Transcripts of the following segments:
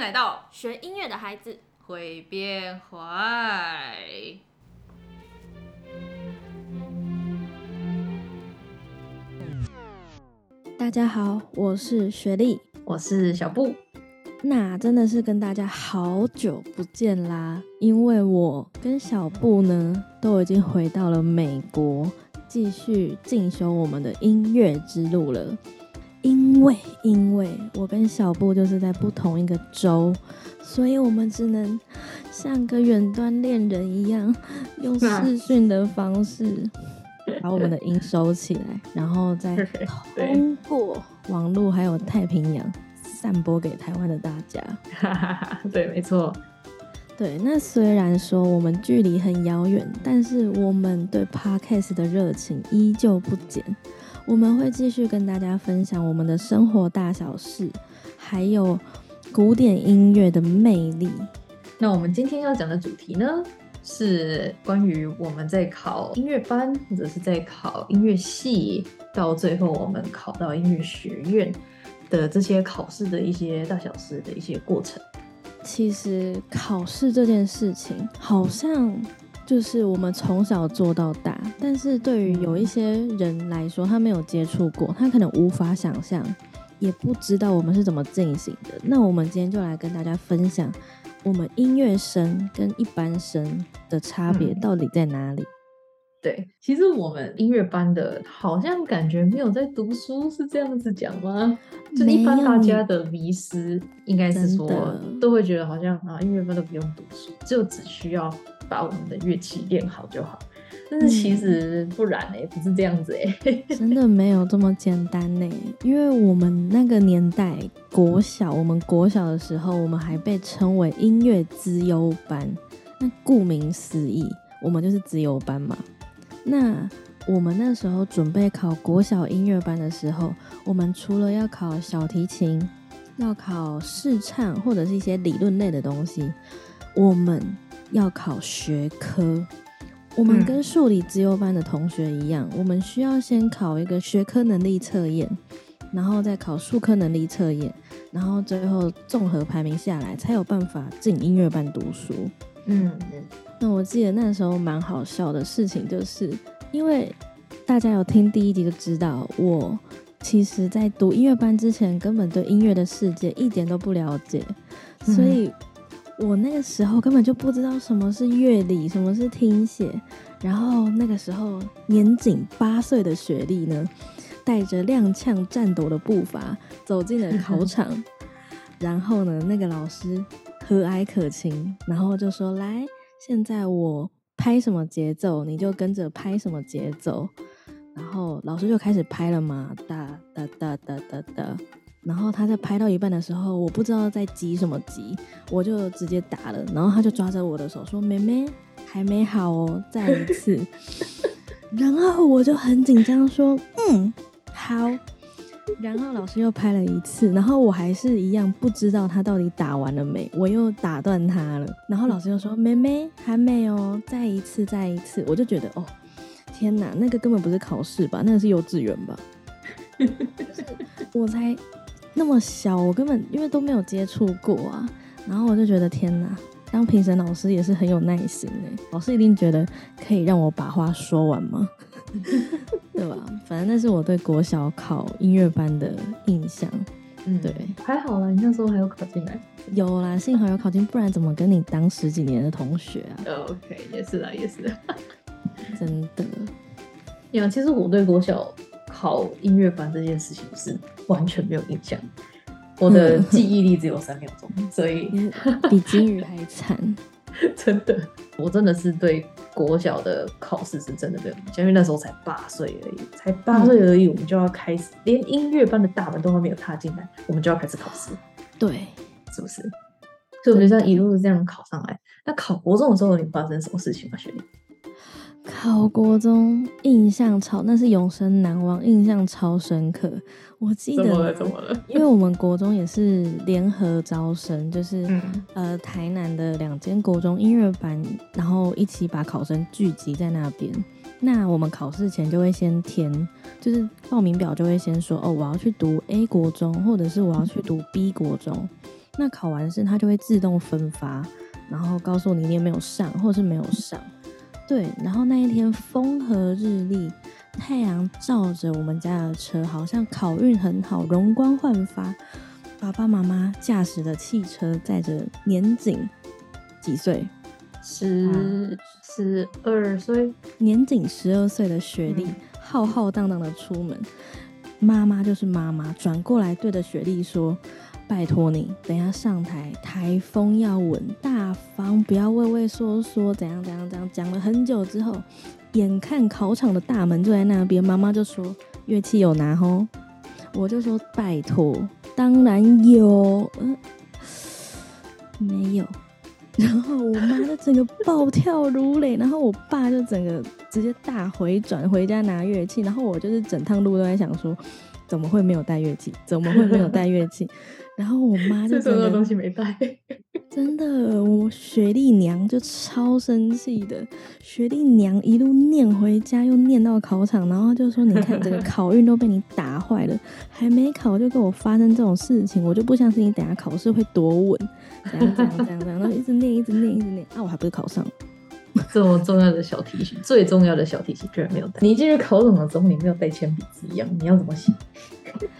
來到學音樂的孩子會變壞。大家好，我是雪莉，我是小布。那真的是跟大家好久不見啦，因為我跟小布呢，都已經回到了美國，繼續進修我們的音樂之路了。因為因為我跟小布就是在不同一個州，所以我們只能像個遠端戀人一樣，用視訊的方式把我們的音收起來，然後再通過網絡還有太平洋散播給台灣的大家。對，沒錯。對，那雖然說我們距離很遙遠，但是我們對 podcast 的熱情依舊不減。我們會繼續跟大家分享我們的生活大小事，還有古典音樂的魅力。那我們今天要講的主題呢，是關於我們在考音樂班，或者是在考音樂系，到最後我們考到音樂學院的這些考試的一些大小事的一些過程。其實考試這件事情好像就是我們從小做到大，但是對於有一些人來說，他沒有接觸過，他可能無法想象，也不知道我們是怎麼進行的。那我們今天就來跟大家分享，我們音樂生跟一般生的差別到底在哪裡，嗯？對，其實我們音樂班的，好像感覺沒有在讀書，是這樣子講嗎？就一般大家的迷思，有應該是說的都會覺得好像啊，音樂班都不用讀書，就只需要，把我們的樂器練好就好，但是其實不然哎、欸，不、嗯、是這樣子、欸、真的沒有這麼簡單呢、欸。 因為我們那個年代國小，我們國小的時候，我們還被稱為音樂資優班。那顧名思義，我們就是資優班嘛。那我們那時候準備考國小音樂班的時候，我們除了要考小提琴，要考試唱或者是一些理論類的東西，我們。要考學科，我們跟數理資優班的同學一樣，嗯、我們需要先考一個學科能力測驗，然後再考數科能力測驗，然後最後綜合排名下來才有辦法進音樂班讀書。嗯，那我記得那時候蠻好笑的事情，就是因為大家有聽第一集就知道，我其實，在讀音樂班之前根本對音樂的世界一點都不了解，所以。嗯我那個時候根本就不知道什麼是樂理，什麼是聽寫，然後那個時候年僅八歲的雪莉呢，帶着踉蹌顫抖的步伐走進了考場， 然後呢，那個老師和藹可親，然後就說：“來，現在我拍什麼節奏，你就跟着拍什麼節奏。”然後老師就開始拍了嘛，噠噠噠噠噠噠。然後他在拍到一半的時候，我不知道在急什麼急，我就直接打了。然後他就抓着我的手說：“妹妹還沒好哦，再一次。” 然後我就很緊張說：“ 嗯，好。”然後老師又拍了一次，然後我還是一樣不知道他到底打完了沒，我又打斷他了。然後老師又說：“ 妹妹還沒哦，再一次，再一次。”我就覺得哦，天哪，那個根本不是考試吧？那個是幼稚園吧？ 我猜。那麼小，我根本因為都沒有接觸過啊，然後我就覺得天哪，當評審老師也是很有耐心欸，老師一定覺得可以讓我把話說完嗎？ 對吧？反正那是我對國小考音樂班的印象。嗯，對，還好啦，你那時候還有考進來？有啦，幸好有考進，不然怎麼跟你當十幾年的同學啊？OK，也是啦，也是，真的。呀，yeah, 其實我對國小。考音樂班這件事情是完全沒有印象，我的記憶力只有三秒鐘， 所以比金魚還慘， 真的，我真的是對國小的考試是真的沒有印象。因為那時候才八歲而已，才八歲而已，我們就要開始，嗯、連音樂班的大門都還沒有踏進來，我們就要開始考試，對，是不是？所以我們就這樣一路這樣考上來，那對考國中的時候，你發生什麼事情嗎、啊，學妹？考國中印象超，那是永生難忘，印象超深刻。我記得，因為我們國中也是聯合招生，就是、嗯、呃，台南的兩間國中音樂班，然後一起把考生聚集在那邊。那我們考試前就會先填，就是報名表就會先說哦，我要去讀 A 國中，或者是我要去讀 B 國中。嗯、那考完試，它就會自動分發，然後告訴你你有沒有上，或者是沒有上。嗯對，然後那一天風和日麗，太陽照着我們家的車，好像考運很好，容光煥發。爸爸媽媽駕駛的汽車載着年僅幾歲，十十二歲、啊，年僅十二歲的雪莉，嗯、浩浩蕩蕩的出門。媽媽就是媽媽，轉過來對着雪莉說。拜託你，等一下上台，颱風要穩，大方，不要畏畏縮縮。怎樣怎樣怎樣？講了很久之後，眼看考場的大門就在那邊，媽媽就說：“樂器有拿吼？”我就說：“拜託，當然有。”嗯，沒有。然後我媽就整個暴跳如雷， 然後我爸就整個直接大回轉回家拿樂器。然後我就是整趟路都在想說：“怎麼會沒有帶樂器？怎麼會沒有帶樂器？” 然後我媽就什麼東西沒帶，真的，我雪莉娘就超生氣的，雪莉娘一路念回家，又念到考場，然後就說：“你看，這個考運都被你打壞了， 還沒考就跟我發生這種事情，我就不相信你等下考試會多穩。”這樣這樣這樣,樣，然後一直念一直念一直念，啊，我還不是考上。這麼重要的小提琴， 最重要的小提琴居,居然沒有帶，你進去考什麼總理沒有帶鉛筆一樣，你要怎麼寫？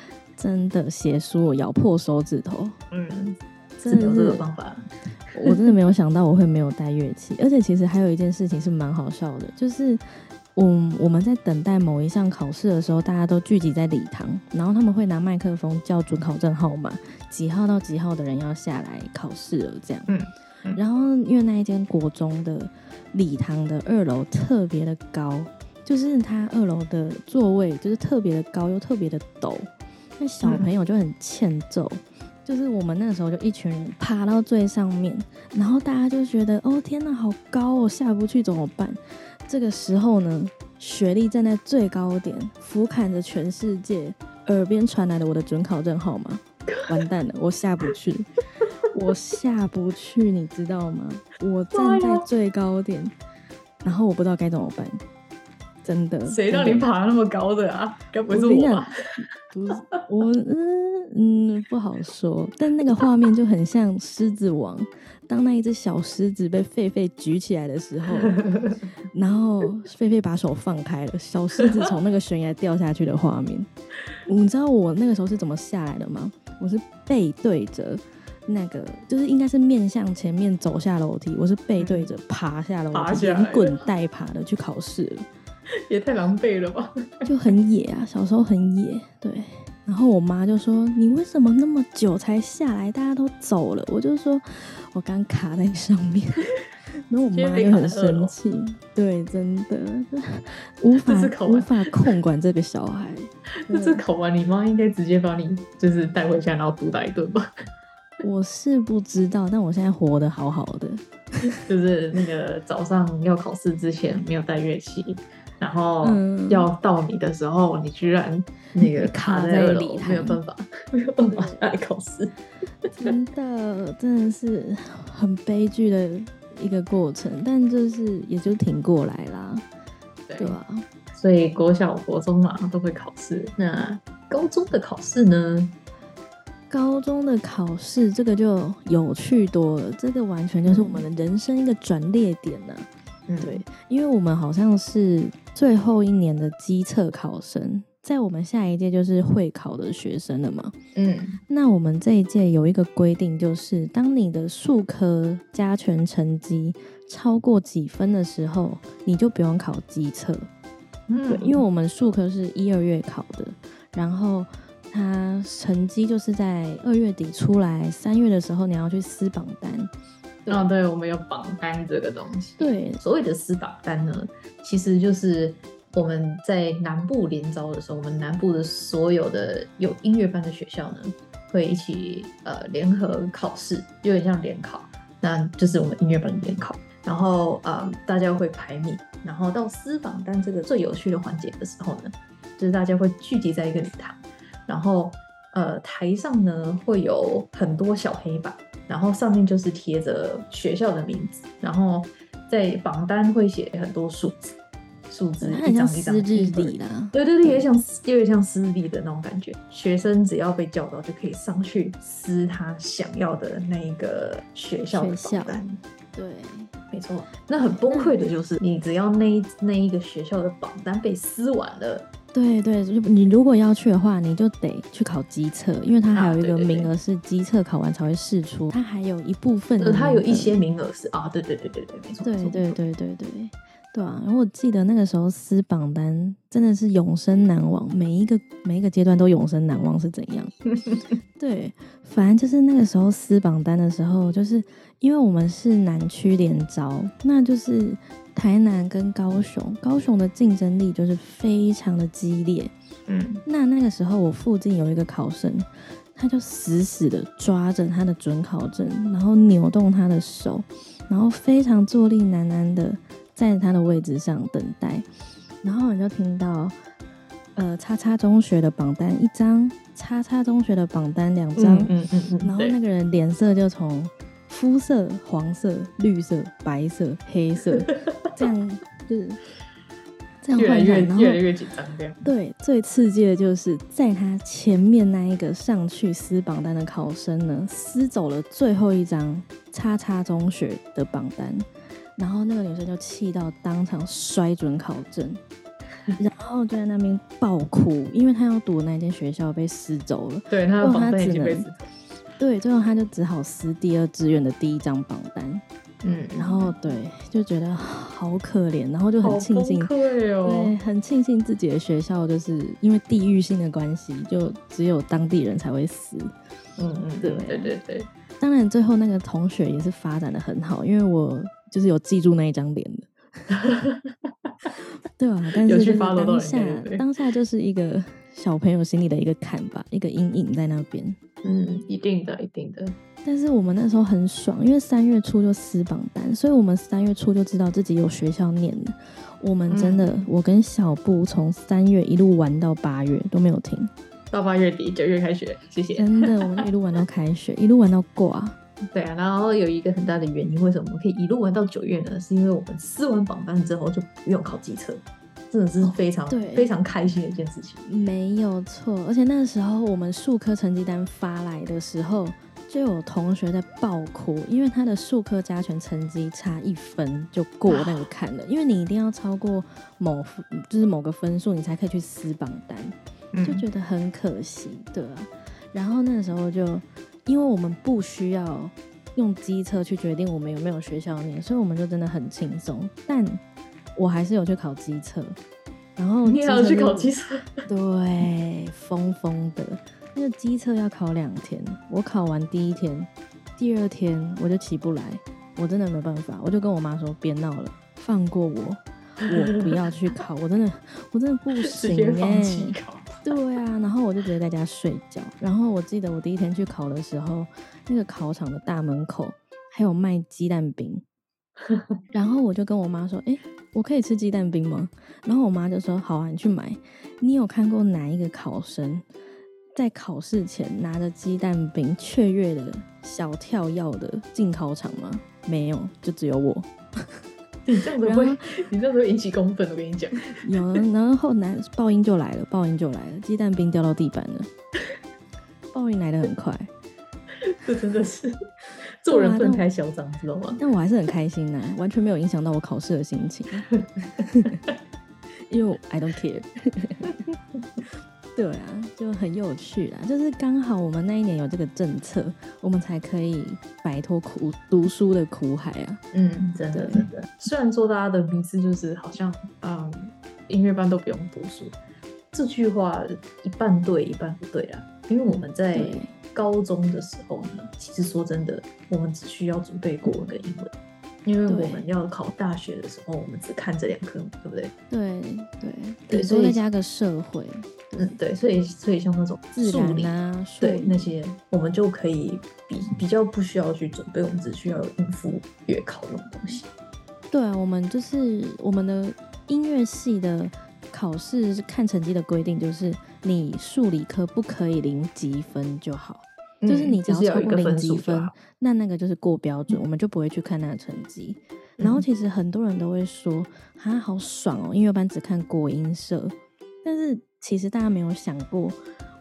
真的寫書，我咬破手指頭。嗯，真的有這個方法。我真的沒有想到我會沒有帶樂器， 而且其實還有一件事情是蠻好笑的，就是我們我們在等待某一項考試的時候，大家都聚集在禮堂，然後他們會拿麥克風叫准考證號碼，幾號到幾號的人要下來考試了。這樣，嗯，嗯，然後因為那一間國中的禮堂的二樓特別的高，就是它二樓的座位就是特別的高又特別的陡。.那小朋友就很欠揍，嗯、就是我們那個時候就一群人爬到最上面，然後大家就覺得哦天哪，好高哦，下不去怎麼辦？這個時候呢，雪莉站在最高點俯瞰着全世界，耳邊傳來的我的准考證號碼， 完蛋了，我下不去， 我下不去，你知道嗎？我站在最高點，媽媽然後我不知道該怎麼辦。真的？誰讓你爬那麼高的啊？該不是我吧，啊？不是，我，嗯嗯，不好說。但那個畫面就很像《獅子王》，當那一隻小獅子被狒狒舉起來的時候，然後狒狒把手放開了，小獅子從那個懸崖掉下去的畫面。 你知道我那個時候是怎麼下來的嗎？我是背對着那個，就是應該是面向前面走下樓梯。我是背對着爬下樓梯，滾帶爬，爬的去考試了。也太狼狽了吧！就很野啊，小時候很野。對，然後我媽就說：“你為什麼那麼久才下來？大家都走了。”我就說：“我剛卡在上面。”然後我媽又很生氣。對，真的無法無法控管這個小孩。這次考完，你媽應該直接把你就是帶回家，然後毒打一頓吧？我是不知道，但我現在活得好好的。就是那個早上要考試之前沒有帶樂器。然後要到你的時候，嗯、你居然那個卡在那裡沒有辦法， 沒有辦法來考試，真的 真的是很悲劇的一個過程，但就是也就挺過來啦，對吧？對啊、所以國小、國中嘛都會考試，那高中的考試呢？高中的考試這個就有趣多了，這個完全就是我們的人生一個轉捩點了、啊。對，因為我們好像是最後一年的基測考生，在我們下一屆就是會考的學生了嘛。嗯，那我們這一屆有一個規定，就是當你的數科加權成績超過幾分的時候，你就不用考基測。嗯，對，因為我們數科是一二月考的，然後它成績就是在二月底出來，三月的時候你要去撕榜單。對哦，對，我們有榜單這個東西。對，所謂的撕榜單呢，其實就是我們在南部聯招的時候，我們南部的所有的有音樂班的學校呢，會一起呃聯合考試，有點像聯考，那就是我們音樂班聯考。然後呃，大家會排名，然後到撕榜單這個最有趣的環節的時候呢，就是大家會聚集在一個禮堂，然後呃台上呢會有很多小黑板。然後上面就是貼着學校的名字，然後在榜單會寫很多數字，數字、嗯、一張一張的撕日曆呢。對對對，對也像有點像撕日曆的那種感覺。對學生只要被叫到，就可以上去撕他想要的那一個學校的榜單。對，沒錯。那很崩潰的就是，你只要那一那一個學校的榜單被撕完了，對對，你如果要去的話，你就得去考基測，因為它還有一個名額是基測考完才會釋出，啊、對對對它還有一部分的，它有一些名額是啊，對對對對對，沒錯，對對對對對。對啊，然後我記得那個時候撕榜單真的是永生難忘，每一個每一個階段都永生難忘是怎樣？ 對，反正就是那個時候撕榜單的時候，就是因為我們是南區聯招，那就是台南跟高雄，高雄的競爭力就是非常的激烈。嗯，那那個時候我附近有一個考生，他就死死的抓着他的准考證，然後扭動他的手，然後非常坐立難安的。站在他的位置上等待，然後你就聽到，呃，叉叉中學的榜單一張，叉叉中學的榜單兩張，嗯嗯嗯，然後那個人臉色就從膚色對黃色、綠色、白色、黑色，這樣 就是這樣換來，然後越，越，越來越緊張這樣，對，最刺激的就是在他前面那一個上去撕榜單的考生呢，撕走了最後一張叉叉中學的榜單。然後那個女生就氣到當場摔准考證， 然後就在那邊爆哭，因為她要讀那間學校被撕走了。對，她的榜單已經被撕走了。對，最後她就只好撕第二志願的第一張榜單。嗯，嗯然後對，就覺得好可憐，然後就很慶幸，哦、對，很慶幸自己的學校就是因為地域性的關係，就只有當地人才會撕。嗯嗯，對對對對嗯，對對對。當然，最後那個同學也是發展得很好，因為我。就是有記住那一張臉的， 對啊，但是，就是當下、就是、當下就是一個小朋友心裡的一個坎吧，一個陰影在那邊。嗯，一定的，一定的。但是我們那時候很爽，因為三月初就撕榜單，所以我們三月初就知道自己有學校念了。我們真的，嗯、我跟小布從三月一路玩到八月都沒有停，到八月底九月開學，謝謝。 真的，我們一路玩到開學，一路玩到掛啊。對啊，然後有一個很大的原因，為什麼我們可以一路玩到九月呢？是因為我們撕完榜單之後就不用考機車，真的是非常，哦、對非常開心的一件事情，嗯。沒有錯，而且那時候我們術科成績單發來的時候，就有同學在爆哭，因為他的術科加權成績差一分就過，那個看了，啊、因為你一定要超過某就是某個分數，你才可以去撕榜單，就覺得很可惜，對啊，嗯、然後那時候就。因為我們不需要用基測去決定我們有沒有學校念，所以我們就真的很輕鬆。但我還是有去考基測，然後你也要去考基測，對，瘋瘋的。那個基測要考兩天，我考完第一天，第二天我就起不來，我真的沒辦法，我就跟我媽說，別鬧了，放過我，我不要去考， 我真的，我真的不行耶、欸。對啊，然後我就直接在家睡覺。然後我記得我第一天去考的時候，那個考場的大門口還有賣雞蛋餅。 然後我就跟我媽說：“誒、欸，我可以吃雞蛋餅嗎？”然後我媽就說：“好啊，你去買。”你有看過哪一個考生在考試前拿着雞蛋餅雀躍的小跳躍的進考場嗎？沒有，就只有我。 你這樣子會，後你這樣子會引起公憤。我跟你講，有，然後難報應就來了，報應就來了，雞蛋冰掉到地板了， 報應來得很快，這真的是做人不能太囂張，嘛知道嗎？但我還是很開心吶、啊， 完全沒有影響到我考試的心情，因 為 I don't care。 對啊，就很有趣啊！就是剛好我們那一年有這個政策，我們才可以擺脫苦讀書的苦海啊。嗯，真的對真的。雖然說大家的迷思就是好像啊、嗯，音樂班都不用讀書，這句話一半對一半不對啊。因為我們在高中的時候呢，對其實說真的，我們只需要準備國文跟英文。因為我們要考大學的時候，對我們只看這兩科，對不對？對對對，對對，所以再以加個社會，嗯，對，所以所以像那種自然啊，對，以對那些，我們就可以比比較不需要去準備，嗯、我們只需要應付月考的那種東西。對、啊，我們就是我們的音樂系的考試看成績的規定，就是你數理科不可以零級分就好。就是你只要超過零級分，嗯、分那那個就是過標準，嗯、我們就不會去看那個成績。嗯、然後其實很多人都會說啊，好爽哦、喔，因為音樂班只看國音社，但是其實大家沒有想過，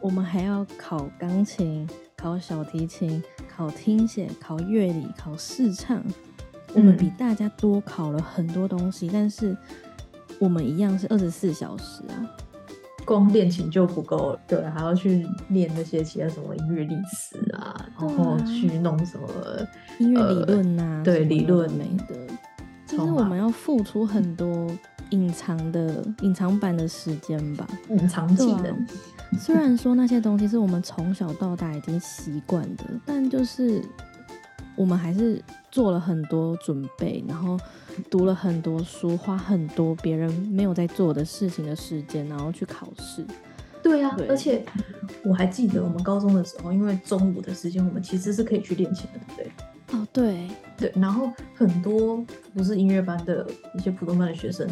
我們還要考鋼琴、考小提琴、考聽寫、考樂理、考視唱，我們比大家多考了很多東西，嗯、但是我們一樣是二十四小時啊。光練琴就不夠，對、啊，還要去練那些其他什麼音樂歷史啊，啊然後去弄什麼音樂理論啊。呃、對，理論沒得。的的話其實我們要付出很多隱藏的、隱藏版的時間吧，隱藏技能、啊。雖然說那些東西是我們從小到大已經習慣的， 但就是。我們還是做了很多準備，然後讀了很多書，花很多別人沒有在做的事情的時間，然後去考試。對呀、啊，對，而且我還記得我們高中的時候，因為中午的時間我們其實是可以去練琴的，對對？哦，對，對。然後很多不是音樂班的一些普通班的學生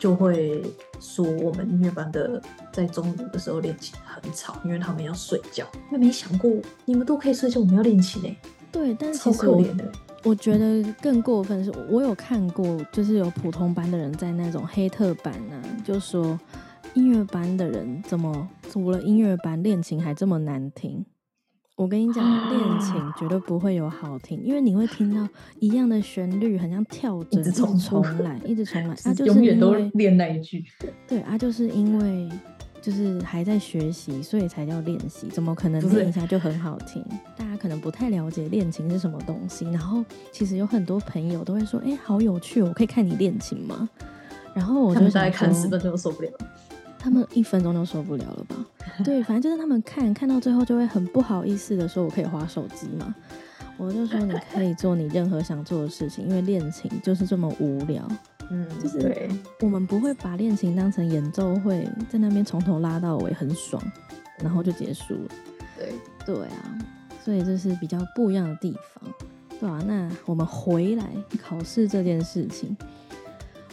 就會說，我們音樂班的在中午的時候練琴很吵，因為他們要睡覺。我沒想過你們都可以睡覺，我們要練琴嘞、欸。對，但其實我，我覺得更過分是，我有看過，就是有普通班的人在那種黑特班呢、啊，就說音樂班的人怎麼除了音樂班練琴還這麼難聽？我跟你講，練琴、啊、絕對不會有好聽，因為你會聽到一樣的旋律，很像跳針一,一直重來，一直重來。他 是、啊、就是永遠都練，練那一句，對，啊就是因為。就是還在學習，所以才叫練習。怎麼可能練一下就很好聽？是大家可能不太了解練琴是什麼東西。然後其實有很多朋友都會說：“誒、欸，好有趣哦，我可以看你練琴嗎？”然後我就在看十分鐘都受不了，了，他們一分鐘都受不了了吧？ 對，反正就是他們看看到最後就會很不好意思的說：“我可以滑手機嗎？”我就說：“你可以做你任何想做的事情，因為練琴就是這麼無聊。”嗯，就是我們不會把練琴當成演奏會，在那邊從頭拉到尾很爽，然後就結束了。對對啊，所以這是比較不一樣的地方，對啊，那我們回來考試這件事情，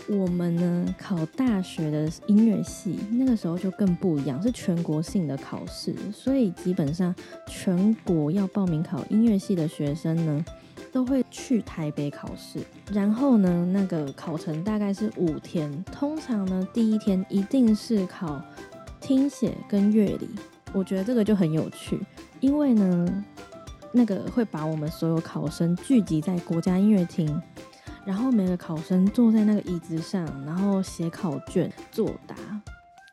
我們呢，考大學的音樂系，那個時候就更不一樣，是全國性的考試，所以基本上全國要報名考音樂系的學生呢，都會去台北考試，然後呢，那個考程大概是五天。通常呢，第一天一定是考聽寫跟樂理。我覺得這個就很有趣，因為呢，那個會把我們所有考生聚集在國家音樂廳，然後每個考生坐在那個椅子上，然後寫考卷作答。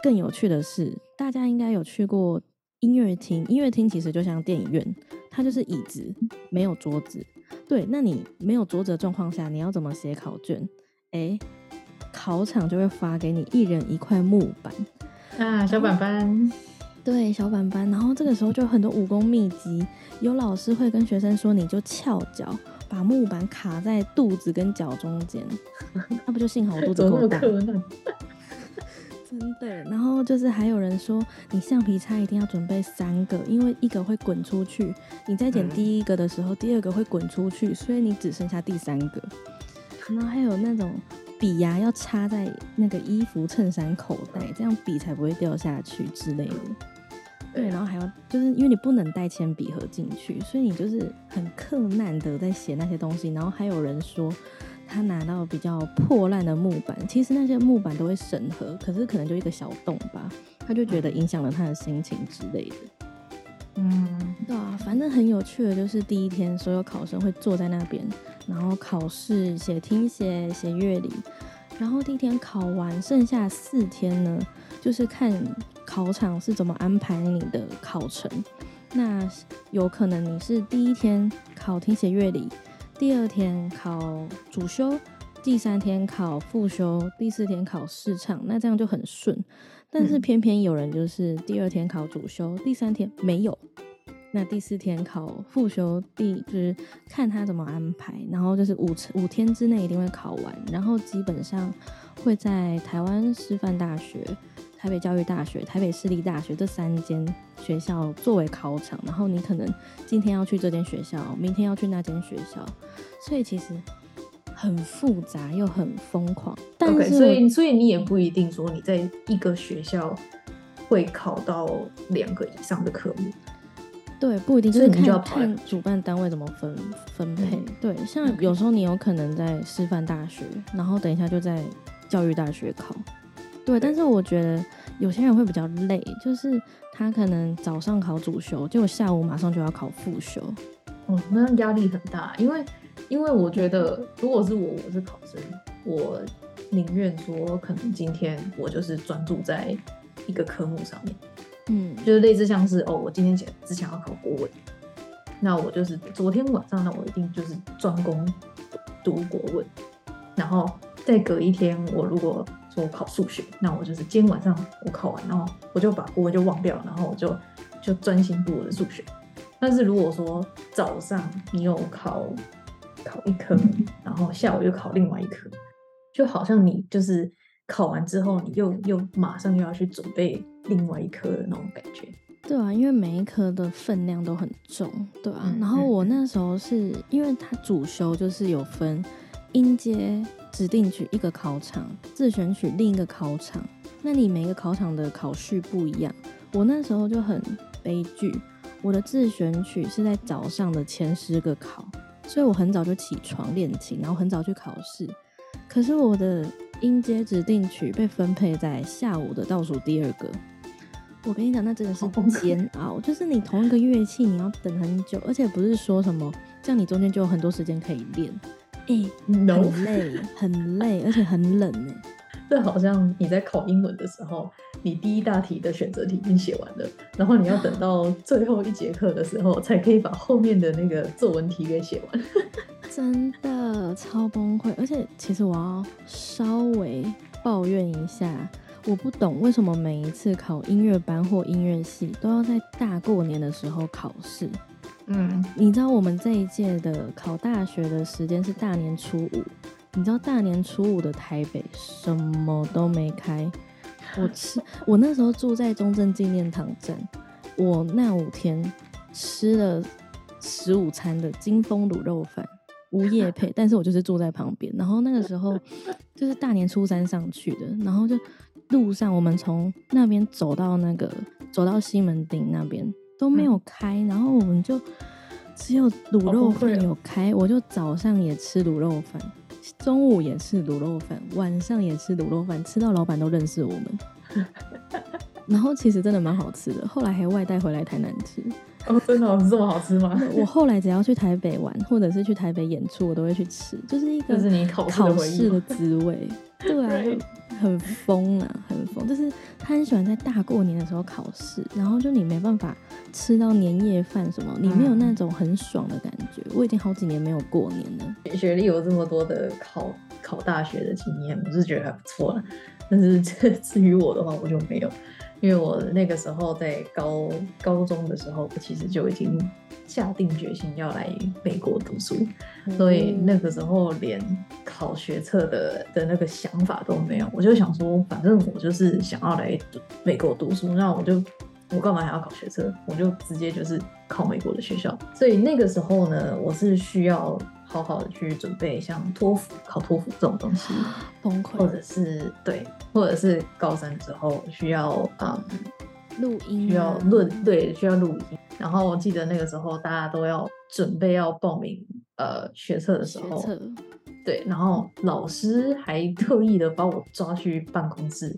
更有趣的是，大家應該有去過音樂廳，音樂廳其實就像電影院，它就是椅子，沒有桌子。對，那你沒有桌子的狀況下，你要怎麼寫考卷？誒、欸，考場就會發給你一人一塊木板，啊，小板板、嗯。對，小板板。然後這個時候就有很多武功秘籍，有老師會跟學生說，你就翹腳，把木板卡在肚子跟腳中間，那、 啊、不就幸好我肚子夠大。真的，然後就是還有人說，你橡皮擦一定要準備三個，因為一個會滾出去，你在剪第一個的時候，嗯、第二個會滾出去，所以你只剩下第三個。然後還有那種筆呀、啊，要插在那個衣服、襯衫口袋，這樣筆才不會掉下去之類的。對，然後還要就是因為你不能帶鉛筆盒進去，所以你就是很克難的在寫那些東西。然後還有人說。他拿到比較破爛的木板，其實那些木板都會審核，可是可能就一個小洞吧，他就覺得影響了他的心情之類的。嗯，對啊，反正很有趣的，就是第一天所有考生會坐在那邊，然後考試寫聽寫、寫樂理，然後第一天考完，剩下四天呢，就是看考場是怎麼安排你的考程。那有可能你是第一天考聽寫樂理。第二天考主修，第三天考副修，第四天考視唱，那這樣就很順。但是偏偏有人就是第二天考主修，第三天沒有，那第四天考副修，第，就是看他怎麼安排。然後就是五五天之內一定會考完，然後基本上會在台灣師範大學、台北教育大學、台北市立大學這三間學校作為考場，然後你可能今天要去這間學校，明天要去那間學校，所以其實很複雜又很瘋狂。但是，okay, 所以所以你也不一定說你在一個學校會考到兩個以上的科目，對，不一定，就是、所以你就要看主辦單位怎麼分分配。嗯、對，像有時候你有可能在師範大學，然後等一下就在教育大學考。對，但是我覺得有些人會比較累，就是他可能早上考主修，結果下午馬上就要考副修，嗯，那壓力很大，因為因為我覺得如果是我，我是考生，我寧願說可能今天我就是專注在一個科目上面，嗯，就是類似像是哦，我今天只只想要考國文，那我就是昨天晚上，那我一定就是專攻讀國文，然後再隔一天我如果。我考數學，那我就是今天晚上我考完，然後我就把鍋，我就忘掉，然後我就就專心補我的數學。但是如果說早上你又考考一科，然後下午又考另外一科，就好像你就是考完之後，你又又馬上又要去準備另外一科的那種感覺。對啊，因為每一科的分量都很重，對啊。嗯、然後我那時候是因為他主修就是有分音階。指定曲一個考場，自選曲另一個考場。那你每一個考場的考序不一樣。我那時候就很悲劇，我的自選曲是在早上的前十個考，所以我很早就起床練琴，然後很早去考試。可是我的音階指定曲被分配在下午的倒數第二個。我跟你講，那真的是煎熬，Oh, okay. 就是你同一個樂器，你要等很久，而且不是說什麼，這樣你中間就有很多時間可以練。哎，e、No 很累、很累， 而且很冷呢。這好像你在考英文的時候，你第一大題的選擇題已經寫完了，然後你要等到最後一節課的時候 才可以把後面的那個作文題給寫完。 真的超崩潰，而且其實我要稍微抱怨一下，我不懂為什麼每一次考音樂班或音樂系都要在大過年的時候考試。嗯，你知道我們這一屆的考大學的時間是大年初五，你知道大年初五的台北什麼都沒開，我吃我那時候住在中正紀念堂站，我那五天吃了十五餐的金峰滷肉飯，無業配，但是我就是住在旁邊，然後那個時候就是大年初三上去的，然後就路上我們從那邊走到那個走到西門町那邊。都沒有開，嗯、然後我們就只有滷肉飯。有開，哦、我就早上也吃滷肉飯，中午也吃滷肉飯，晚上也吃滷肉飯。吃到老闆都認識我們。 然後其實真的蠻好吃的，後來還外帶回來台南吃。哦，真的這麼好吃嗎？ 我後來只要去台北玩，或者是去台北演出，我都會去吃，就是一個就是你考試的滋味，對啊。 Right. 很瘋啊，很瘋！就是他很喜歡在大過年的時候考試，然後就你沒辦法吃到年夜飯什麼，你沒有那種很爽的感覺。我已經好幾年沒有過年了。雪莉有這麼多的考考大學的經驗，我是覺得還不錯了。但是至於我的話，我就沒有，因為我那個時候在高高中的時候，我其實就已經。下定決心要來美國讀書，所以那個時候連考學測的的那個想法都沒有。我就想說，反正我就是想要來美國讀書，那我就我幹嘛還要考學測？我就直接就是考美國的學校。所以那個時候呢，我是需要好好的去準備，像托福考托福這種東西，崩潰或者是對，或者是高三的時候需要嗯錄音、啊，需要論對，需要錄音。然後我記得那個時候大家都要準備要報名呃學測的時候，學測。對，然後老師還特意的把我抓去辦公室，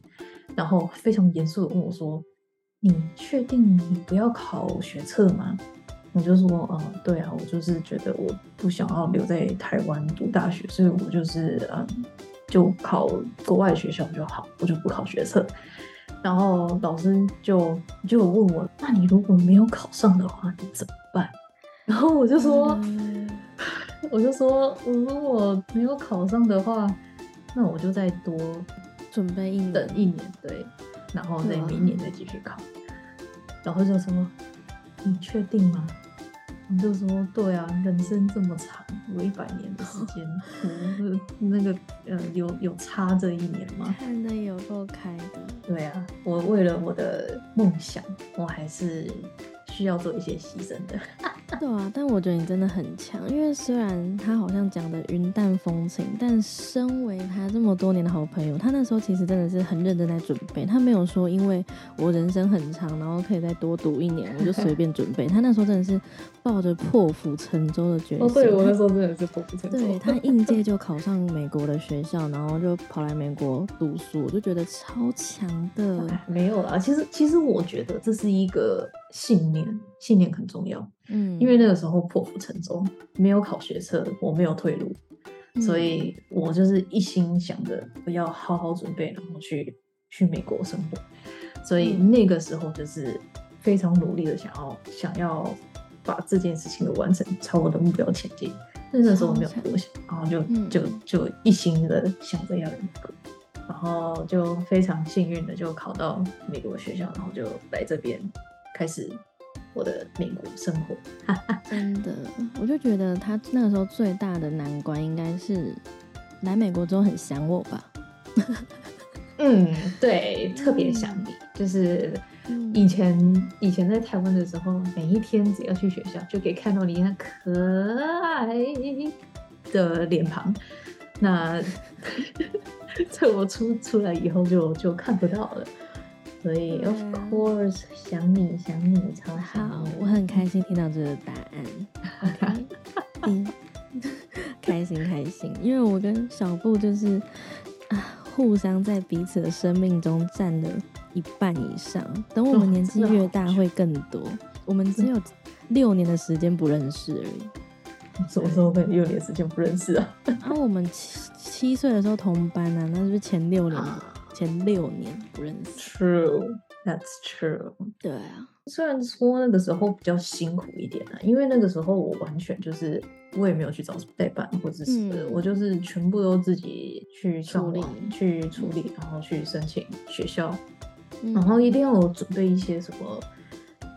然後非常嚴肅的問我說：“你確定你不要考學測嗎？”我就說：“嗯，對啊，我就是覺得我不想要留在台灣讀大學，所以我就是嗯，就考國外學校就好，我就不考學測。”然後老師就就問我，那你如果沒有考上的話，你怎麼辦？然後我就說，嗯、 我就說，我如果沒有考上的話，那我就再多準備一等一年，對，然後再明年再繼續考。啊、然後就說什麼？你確定嗎？你就說，對啊，人生這麼長，我一百年的時間好、嗯，那個、呃、有有差這一年嗎？看得有夠開的。對啊，我為了我的夢想，我還是。需要做一些犧牲的， 對啊，但我覺得你真的很強，因為雖然他好像講的雲淡風輕，但身為他這麼多年的好朋友，他那時候其實真的是很認真在準備。他沒有說因為我人生很長，然後可以再多讀一年，我就隨便準備。 他那時候真的是抱着破釜沉舟的決心。哦，對，我那時候真的是破釜沉舟。 對，他應屆就考上美國的學校，然後就跑來美國讀書，我就覺得超強的。啊，沒有啊，其實其實我覺得這是一個。信念，信念很重要。嗯，因為那個時候破釜沉舟，沒有考學測，我沒有退路，嗯、所以我就是一心想着我要好好準備，然後去去美國生活。所以那個時候就是非常努力的想要想要把這件事情的完成，朝我的目標前進。那那時候我沒有多想，然後就、嗯、就就一心想這樣的想着要一個，然後就非常幸運的就考到美國學校，然後就來這邊，開始我的美國生活， 真的，我就覺得他那個時候最大的難關應該是來美國之後很想我吧。 嗯，對，特別想你，嗯、就是以前、嗯、以前在台灣的時候，每一天只要去學校就可以看到你那可愛的臉龐，那在 我出出來以後就就看不到了。所以對 Yeah.，of course，想你想你，超想你，好，我很開心聽到這個答案，開心開心，因為我跟小布就是啊，互相在彼此的生命中占了一半以上，等我們年紀越大會更多，哦、我們只有六年的時間不認識而已，嗯、對什麼時候會有六年時間不認識啊？那、啊、我們七七歲的時候同班啊，那是不是前六年？Uh. 前六年不認識。True, that's true。對啊，雖然說那個時候比較辛苦一點啊，因為那個時候我完全就是我也沒有去找代辦，或者是、嗯、我就是全部都自己去處理、去處理，嗯、然後去申請學校，嗯、然後一定要有準備一些什麼。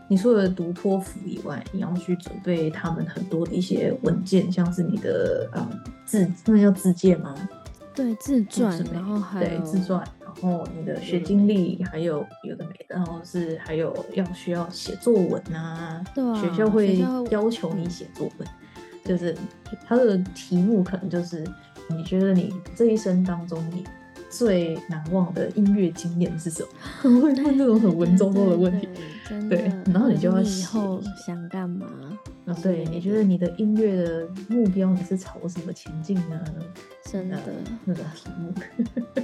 你除了讀托福以外，你要去準備他們很多的一些文件，像是你的、嗯、自那叫自薦嗎？對，自傳，然後還對自傳，然後你的學經歷，還有有的沒的，對然後是還有要需要寫作文啊，對啊，學校會要求你寫作文，對就是他的題目可能就是你覺得你這一生當中你最難忘的音樂經驗是什麼？會問這種很文縐縐的問題，對，然後你就要寫。以後想幹嘛？啊，對，你覺得你的音樂的目標，你是朝什麼前進呢？真的，呃那個、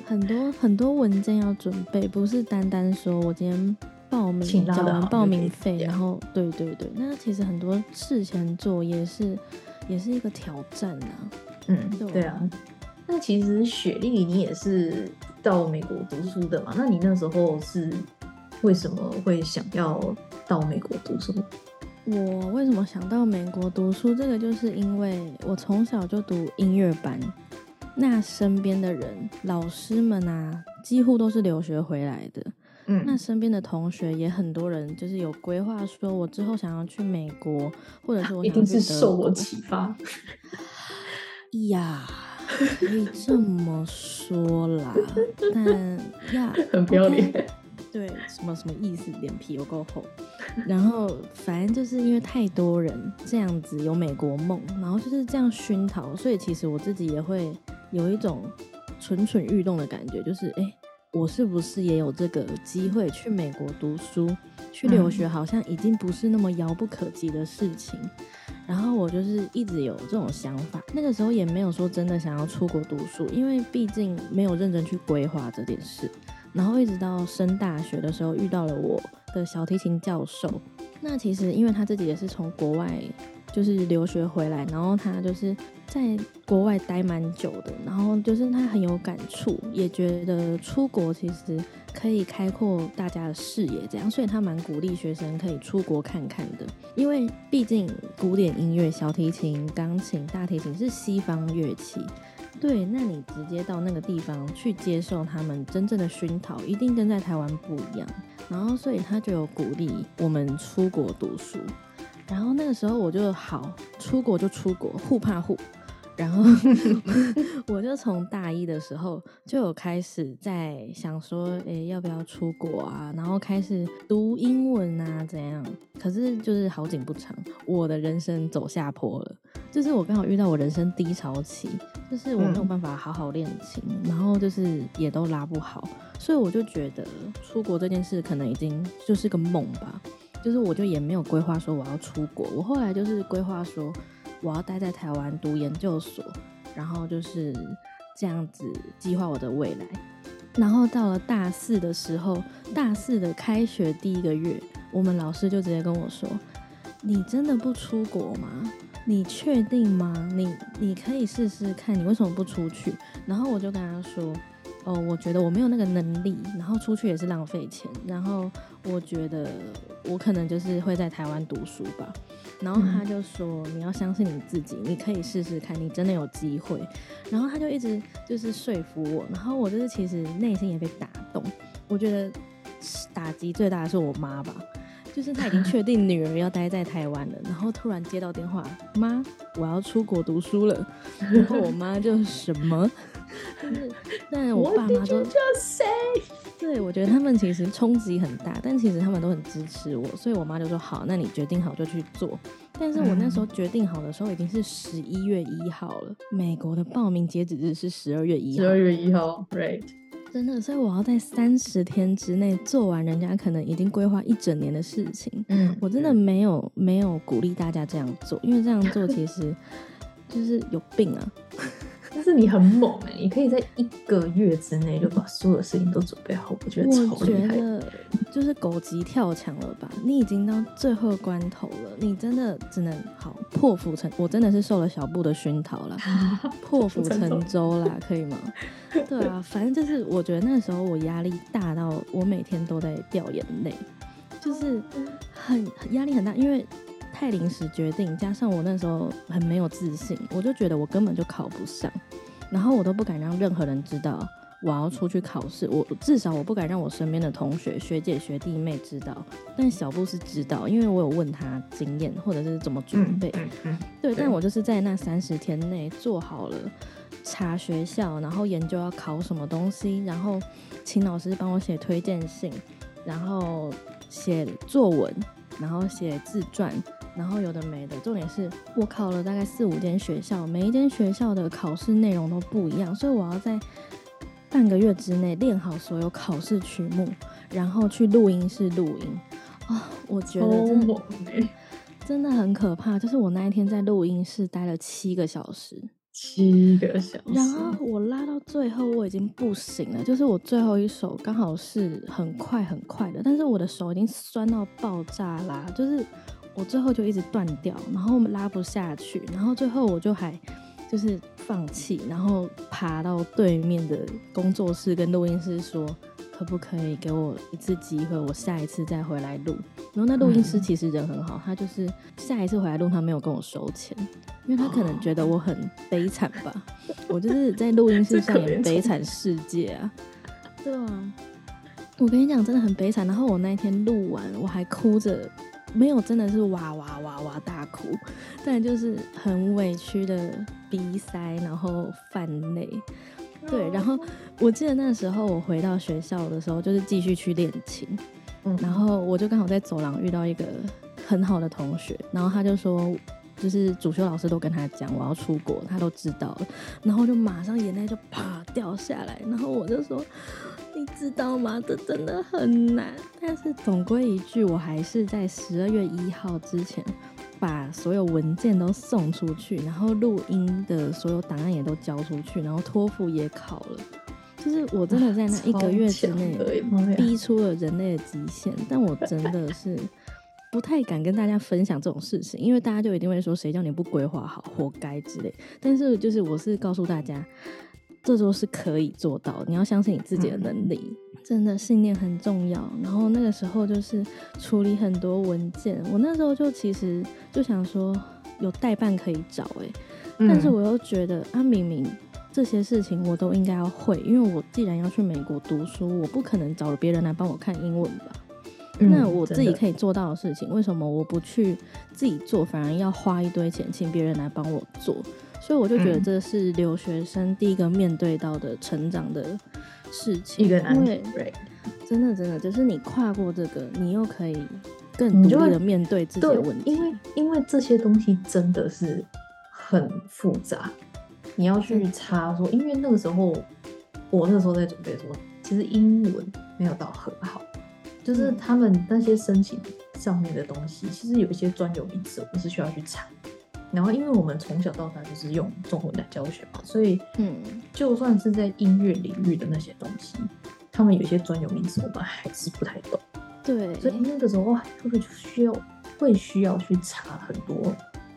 很多很多文件要準備，不是單單說我今天報名交完報名費，然後對對對，那其實很多事情做也是也是一個挑戰啊。嗯，對，對啊。那其實雪莉，你也是到美國讀書的嘛？那你那時候是為什麼會想要到美國讀書？我為什麼想到美國讀書？這個就是因為我從小就讀音樂班，那身邊的人、老師們啊，幾乎都是留學回來的。嗯，那身邊的同學也很多人，就是有規劃說，我之後想要去美國，或者是我，啊，一定是受我啟發呀，啊，可以這麼說啦， 但呀，很不要臉。Okay. 對，什麼什麼意思？臉皮有夠厚， 然後反正就是因為太多人這樣子有美國夢，然後就是這樣熏陶，所以其實我自己也會有一種蠢蠢欲動的感覺，就是哎，我是不是也有這個機會去美國讀書、去留學？好像已經不是那麼遙不可及的事情。嗯、然後我就是一直有這種想法，那個時候也沒有說真的想要出國讀書，因為畢竟沒有認真去規劃這件事。然後一直到升大學的時候，遇到了我的小提琴教授。那其實因為他自己也是從國外就是留學回來，然後他就是在國外待蠻久的，然後就是他很有感觸，也覺得出國其實可以開闊大家的視野，這樣，所以他蠻鼓勵學生可以出國看看的。因為畢竟古典音樂、小提琴、鋼琴、大提琴是西方樂器。對，那你直接到那個地方去接受他們真正的熏陶，一定跟在台灣不一樣。然後，所以他就有鼓勵我們出國讀書。然後那個時候我就好出國就出國，護怕護。 然後我就從大一的時候就有開始在想說，誒、欸，要不要出國啊？然後開始讀英文啊，怎樣？可是就是好景不長，我的人生走下坡了。就是我剛好遇到我人生低潮期，就是我沒有辦法好好練琴，嗯、然後就是也都拉不好，所以我就覺得出國這件事可能已經就是個夢吧。就是我就也沒有規劃說我要出國，我後來就是規劃說。我要待在台灣讀研究所，然後就是這樣子計劃我的未來。然後到了大四的時候，大四的開學第一個月，我們老師就直接跟我說：“你真的不出國嗎？你確定嗎？你你可以試試看，你為什麼不出去？”然後我就跟他說。哦，我覺得我沒有那個能力，然後出去也是浪費錢，然後我覺得我可能就是會在台灣讀書吧。然後他就說，嗯，你要相信你自己，你可以試試看，你真的有機會。然後他就一直就是說服我，然後我就是其實內心也被打動。我覺得打擊最大的是我媽吧，就是她已經確定女兒要待在台灣了，然後突然接到電話，媽，我要出國讀書了。然後我媽就什麼？ 但是，但我爸媽都對我覺得他們其實衝擊很大， 但其實他們都很支持我，所以我媽就說：“好，那你決定好就去做。”但是我那時候決定好的時候已經是十一月一號了，美國的報名截止日是十二月一號，十二月一號，Right？真的，所以我要在三十天之內做完人家可能已經規劃一整年的事情。嗯、mm，hmm. 我真的沒有沒有鼓勵大家這樣做，因為這樣做其實就是有病啊。 但是你很猛誒、欸，你、嗯、可以在一個月之內就把所有的事情都準備好，我覺得超厲害。我覺得就是狗急跳牆了吧？ 你已經到最後關頭了，你真的只能好破釜沉。我真的是受了小布的熏陶了、啊嗯，破釜沉舟啦， 可以嗎？對啊，反正就是我覺得那時候我壓力大到我每天都在掉眼淚，就是很壓力很大，因為。太臨時決定，加上我那時候很沒有自信，我就覺得我根本就考不上，然後我都不敢讓任何人知道我要出去考試，我至少我不敢讓我身邊的同學、學姐、學弟妹知道。但小布是知道，因為我有問他經驗或者是怎麼準備。嗯嗯嗯、對，對。但我就是在那三十天內做好了查學校，然後研究要考什麼東西，然後請老師幫我寫推薦信，然後寫作文。然後寫自傳，然後有的沒的。重點是我考了大概四五間學校，每一間學校的考試內容都不一樣，所以我要在半個月之內練好所有考試曲目，然後去錄音室錄音。啊、哦，我覺得真的，Okay. 真的很可怕。就是我那一天在錄音室待了七個小時。七個小時，然後我拉到最後，我已經不行了。就是我最後一手剛好是很快很快的，但是我的手已經酸到爆炸啦。就是我最後就一直斷掉，然後拉不下去，然後最後我就還就是放棄，然後爬到對面的工作室跟錄音師說。可不可以給我一次機會？我下一次再回來錄。然後那錄音師其實人很好，他、嗯、就是下一次回來錄，他沒有跟我收錢，因為他可能覺得我很悲慘吧。哦、我就是在錄音室上演悲慘世界啊！對啊，我跟你講，真的很悲慘。然後我那天錄完，我還哭着，沒有真的是哇哇哇哇大哭，但就是很委屈的鼻塞，然後泛淚。對，然後我記得那時候我回到學校的時候，就是繼續去練琴，嗯，然後我就剛好在走廊遇到一個很好的同學，然後他就說，就是主修老師都跟他講我要出國，他都知道了，然後就馬上眼淚就啪掉下來，然後我就說，你知道嗎？這真的很難，但是總歸一句，我還是在十二月一號之前。把所有文件都送出去，然後錄音的所有檔案也都交出去，然後托福也考了。就是我真的在那一個月之內逼出了人類的極限，但我真的是不太敢跟大家分享這種事情，因為大家就一定會說，誰叫你不規劃好，活該之類。但是就是我是告訴大家。這都是可以做到，你要相信你自己的能力。嗯、真的，信念很重要。然後那個時候就是處理很多文件，我那時候就其實就想說有代辦可以找誒、欸，嗯、但是我又覺得啊，明明這些事情我都應該要會，因為我既然要去美國讀書，我不可能找別人來幫我看英文吧？嗯、那我自己可以做到的事情，真的。為什麼我不去自己做，反而要花一堆錢請別人來幫我做？所以我就覺得這是留學生第一個面對到的成長的事情，嗯、因為真的真的就是你跨過這個，你又可以更獨立的面對自己的問題。因為因為這些東西真的是很複雜，你要去查說，嗯、因為那個時候我那時候在準備說，其實英文沒有到很好，就是他們那些申請上面的東西，其實有一些專有名詞，我們是需要去查。然後，因為我們從小到大就是用中文來教學嘛，所以，嗯，就算是在音樂領域的那些東西，嗯、他們有些專有名詞，我們還是不太懂。對，所以那個時候特別需要，會需要去查很多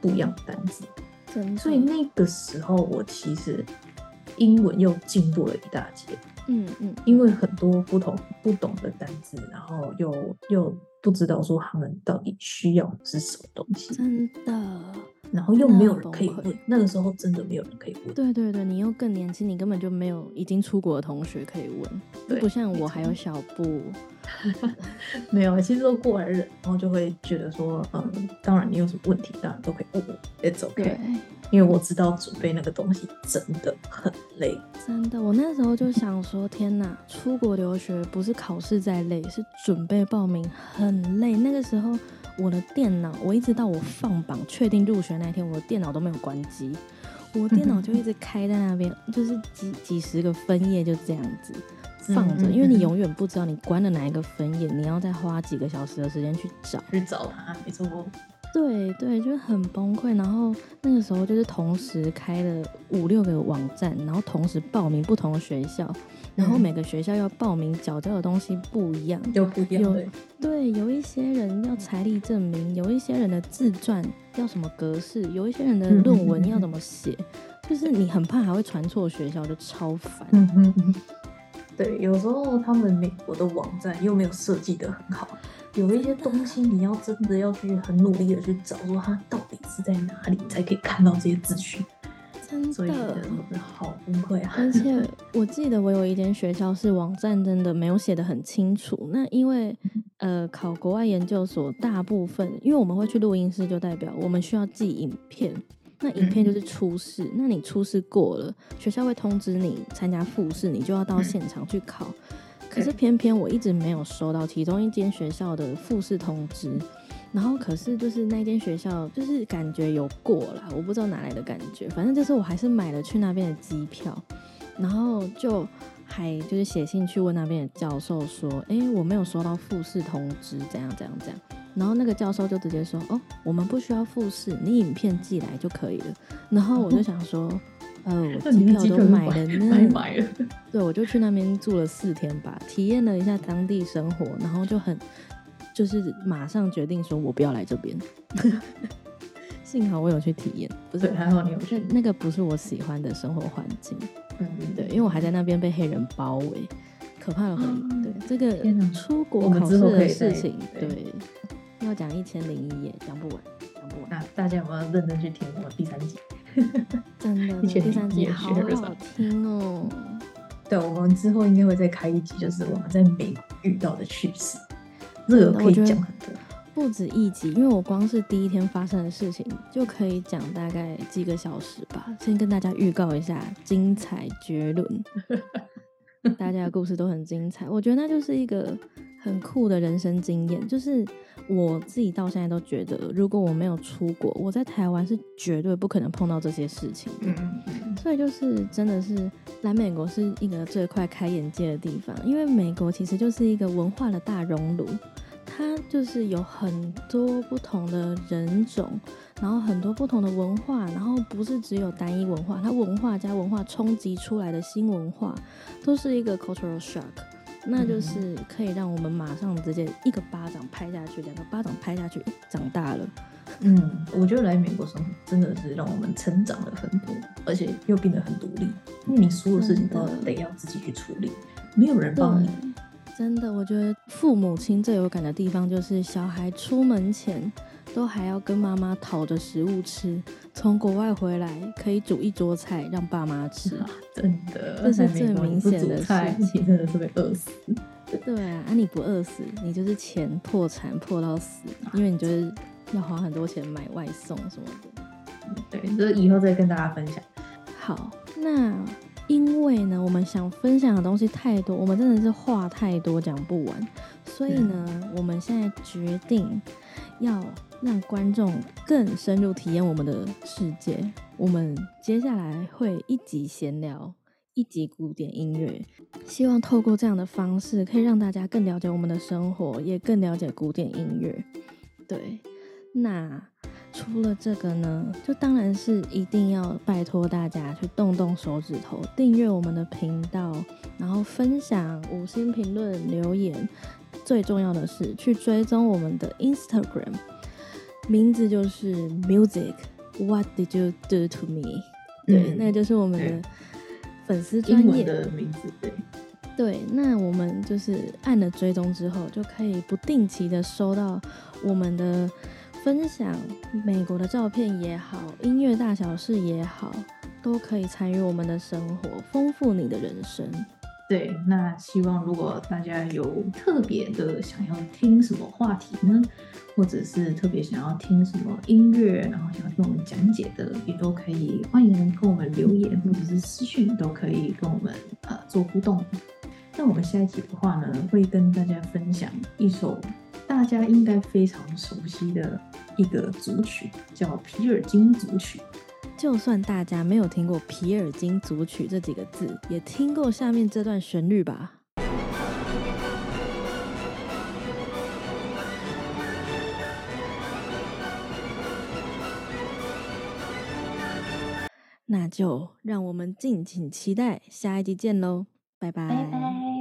不一樣的單字。真的。所以那個時候，我其實英文又進步了一大截，嗯。嗯嗯。因為很多不同不懂的單字然後又又不知道說他們到底需要是什麼東西。真的。然後又沒有人可以問，那，那個時候真的沒有人可以問。對對對，你又更年輕，你根本就沒有已經出國的同學可以問。對，就不像我還有小布，沒錯。 沒有，其實都過來人，然後就會覺得說，嗯，當然你有什麼問題，當然都可以問，It's OK，對，因為我知道準備那個東西真的很累。真的，我那時候就想說，天哪，出國留學不是考試再累，是準備報名很累。那個時候。我的電腦，我一直到我放榜確定入學那一天，我的電腦都沒有關機，我電腦就一直開在那邊， 就是幾幾十個分頁就這樣子放着， 因為你永遠不知道你關了哪一個分頁，你要再花幾個小時的時間去找，去找他沒錯，對對，就很崩潰。然後那個時候就是同時開了五六個網站，然後同時報名不同的學校。嗯、然後每個學校要報名繳交的東西不一樣，有不一樣。有對，對，有一些人要財力證明，有一些人的自傳要什麼格式，有一些人的論文要怎麼寫，嗯、就是你很怕還會傳錯學校，就超煩，嗯。對，有時候他們美國的網站又沒有設計得很好，有一些東西你要真的要去很努力的去找，說它到底是在哪裡才可以看到這些資訊。真的，我覺得好崩潰啊！而且我記得我有一間學校是網站真的沒有寫得很清楚。那因為呃考國外研究所，大部分因為我們會去錄音室，就代表我們需要寄影片。那影片就是初試，那你初試過了，學校會通知你參加複試，你就要到現場去考。可是偏偏我一直沒有收到其中一間學校的複試通知。然後，可是就是那間學校，就是感覺有過了，我不知道哪來的感覺。反正就是，我還是買了去那邊的機票，然後就還就是寫信去問那邊的教授說：“哎，我沒有收到複試通知，怎樣怎樣怎樣，怎樣。”然後那個教授就直接說：“哦，我們不需要複試，你影片寄來就可以了。”然後我就想說：“呃，我機票都買了呢，都買了，對，我就去那邊住了四天吧，體驗了一下當地生活，然後就很。”就是馬上決定說，我不要來這邊。 幸好我有去體驗，不是還好你，有去那，那個不是我喜歡的生活環境。嗯，對，因為我還在那邊被黑人包圍，可怕的很。哦、對這個哪出國考試的事情，對，對要講一千零一夜，講不完，講不完。那大家有沒有認真去聽我們第三集？ 真的， 第三集也好好聽哦。對，我們之後應該會再開一集，就是我們在美國遇到的趣事。那我可以講很多，不止一集，因為我光是第一天發生的事情就可以講大概幾個小時吧。先跟大家預告一下，精彩絕倫， 大家的故事都很精彩。我覺得那就是一個很酷的人生經驗，就是我自己到現在都覺得，如果我沒有出國，我在台灣是絕對不可能碰到這些事情的。 所以就是真的是來美國是一個最快開眼界的地方，因為美國其實就是一個文化的大熔爐。它就是有很多不同的人種，然後很多不同的文化，然後不是只有單一文化，它文化加文化衝擊出來的新文化，都是一個 cultural shock，那就是可以讓我們馬上直接一個巴掌拍下去，兩個巴掌拍下去，長大了。嗯，我覺得來美國生活真的是讓我們成長了很多，而且又變得很獨立，因為、嗯、你所有事情都得要自己去處理，沒有人幫你。真的，我覺得父母親最有感的地方就是小孩出門前都還要跟媽媽討着食物吃，從國外回來可以煮一桌菜讓爸媽吃。啊。真的，這是最明顯的事情。真的是被餓死。對啊，啊你不餓死，你就是錢破產破到死，啊，因為你就是要花很多錢買外送什麼的。對，這以後再跟大家分享。好，那。因為呢，我們想分享的東西太多，我們真的是話太多講不完，嗯、所以呢，我們現在決定要讓觀眾更深入體驗我們的世界。我們接下來會一集閒聊，一集古典音樂，希望透過這樣的方式，可以讓大家更了解我們的生活，也更了解古典音樂。對，那。除了這個呢，就當然是一定要拜托大家去動動手指頭，訂閱我們的頻道，然後分享五星評論留言。最重要的是去追蹤我們的 Instagram 名字就是 Music What Did You Do To Me？、嗯、對，那就是我們的粉絲專頁的名字。對,對，那我們就是按了追蹤之後，就可以不定期的收到我們的。分享美國的照片也好，音樂大小事也好，都可以參與我們的生活，豐富你的人生。對，那希望如果大家有特別的想要聽什麼話題呢，或者是特別想要聽什麼音樂，然後想要聽我們講解的，也都可以歡迎跟我們留言，或者是私訊，都可以跟我們呃做互動。那我們下一集的話呢，會跟大家分享一首。大家應該非常熟悉的一個組曲，叫《皮爾金組曲》。就算大家沒有聽過“皮爾金組曲”這幾個字，也聽過下面這段旋律吧？嗯。那就讓我們敬請期待下一集見嘍，拜拜！拜拜。